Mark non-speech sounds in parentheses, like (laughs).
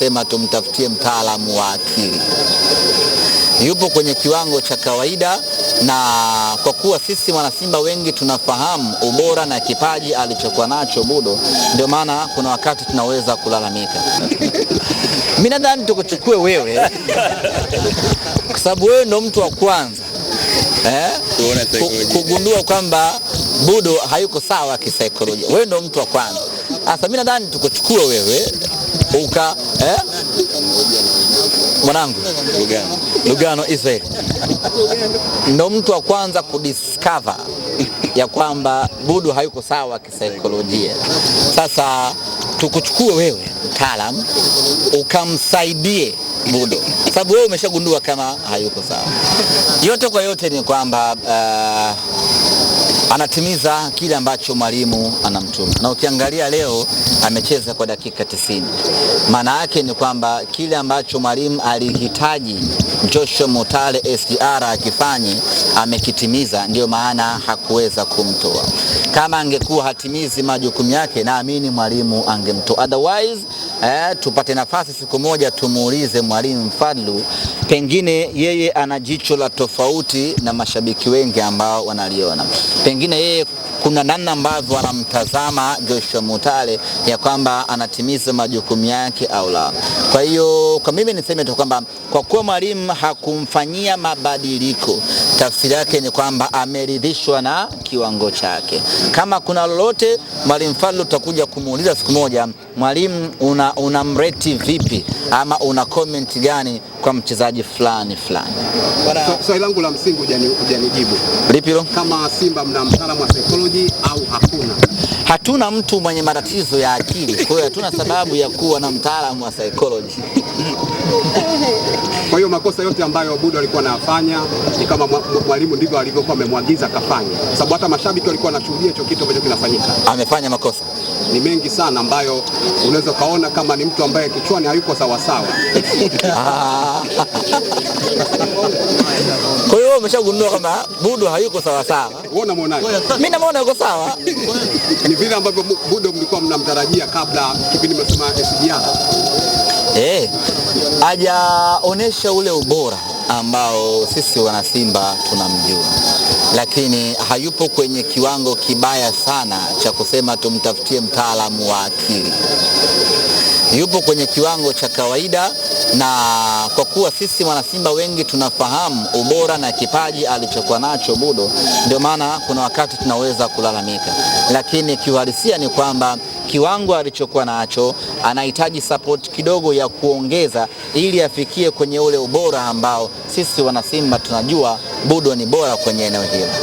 Sema tumtafutie mtaalamu wa akili, yupo kwenye kiwango cha kawaida, na kwa kuwa sisi wanasimba wengi tunafahamu ubora na kipaji alichokuwa nacho Budo, ndio maana kuna wakati tunaweza kulalamika. (laughs) Mimi nadhani tukuchukue wewe kwa sababu wewe ndo mtu wa kwanza eh, kugundua kwamba Budo hayuko sawa kisaikolojia. Wewe ndo mtu wa kwanza sasa, mimi nadhani tukuchukue wewe uka eh? Mwanangu Lugano, Lugano Israel ndo mtu wa kwanza kudiscover ya kwamba Budu hayuko sawa kisaikolojia. Sasa tukuchukue wewe mtaalam ukamsaidie Budo, sababu wewe umeshagundua kama hayuko sawa. Yote kwa yote ni kwamba uh, anatimiza kile ambacho mwalimu anamtuma, na ukiangalia leo amecheza kwa dakika tisini. Maana yake ni kwamba kile ambacho mwalimu alihitaji Joshua Mutale SGR akifanye amekitimiza, ndiyo maana hakuweza kumtoa. Kama angekuwa hatimizi majukumu yake, naamini mwalimu angemtoa otherwise. Eh, tupate nafasi siku moja tumuulize mwalimu Fadlu pengine yeye ana jicho la tofauti na mashabiki wengi ambao wanaliona, pengine yeye kuna namna ambavyo anamtazama Joshua Mutale ya kwamba anatimiza majukumu yake au la. Kwa hiyo kwa mimi niseme tu kwamba kwa kuwa mwalimu hakumfanyia mabadiliko, tafsiri yake ni kwamba ameridhishwa na kiwango chake. Kama kuna lolote, mwalimu Fadlu tutakuja kumuuliza siku moja, mwalimu una, una mreti vipi ama una comment gani kwa mchezaji fulani fulani. Swali langu la msingi hujanijibu. Lipi hilo? Kama Simba mna mtaalamu wa psychology au hakuna? Hatuna mtu mwenye matatizo ya akili, kwa hiyo hatuna sababu ya kuwa na mtaalamu wa psychology. (laughs) Kwa hiyo makosa yote ambayo Budo alikuwa anayafanya ni kama mwalimu ndivyo alivyokuwa amemwagiza akafanya, sababu hata mashabiki walikuwa wanashuhudia hicho kitu ambacho kinafanyika. Amefanya makosa ni mengi sana ambayo unaweza ukaona kama ni mtu ambaye kichwani hayuko sawasawa. (laughs) Kwa hiyo umeshagundua kama Budo hayuko sawasawa. Wewe unamwonaje? Mimi namwona yuko sawa. Ni vile ambavyo Budo mlikuwa mnamtarajia kabla kipindi mmesema SGR eh, hajaonesha ule ubora ambao sisi wanasimba tunamjua, lakini hayupo kwenye kiwango kibaya sana cha kusema tumtafutie mtaalamu wa akili. Yupo kwenye kiwango cha kawaida, na kwa kuwa sisi wanasimba wengi tunafahamu ubora na kipaji alichokuwa nacho Budo, ndio maana kuna wakati tunaweza kulalamika, lakini kiuhalisia ni kwamba kiwango alichokuwa nacho, anahitaji support kidogo ya kuongeza ili afikie kwenye ule ubora ambao sisi wanasimba tunajua Budo ni bora kwenye eneo hilo.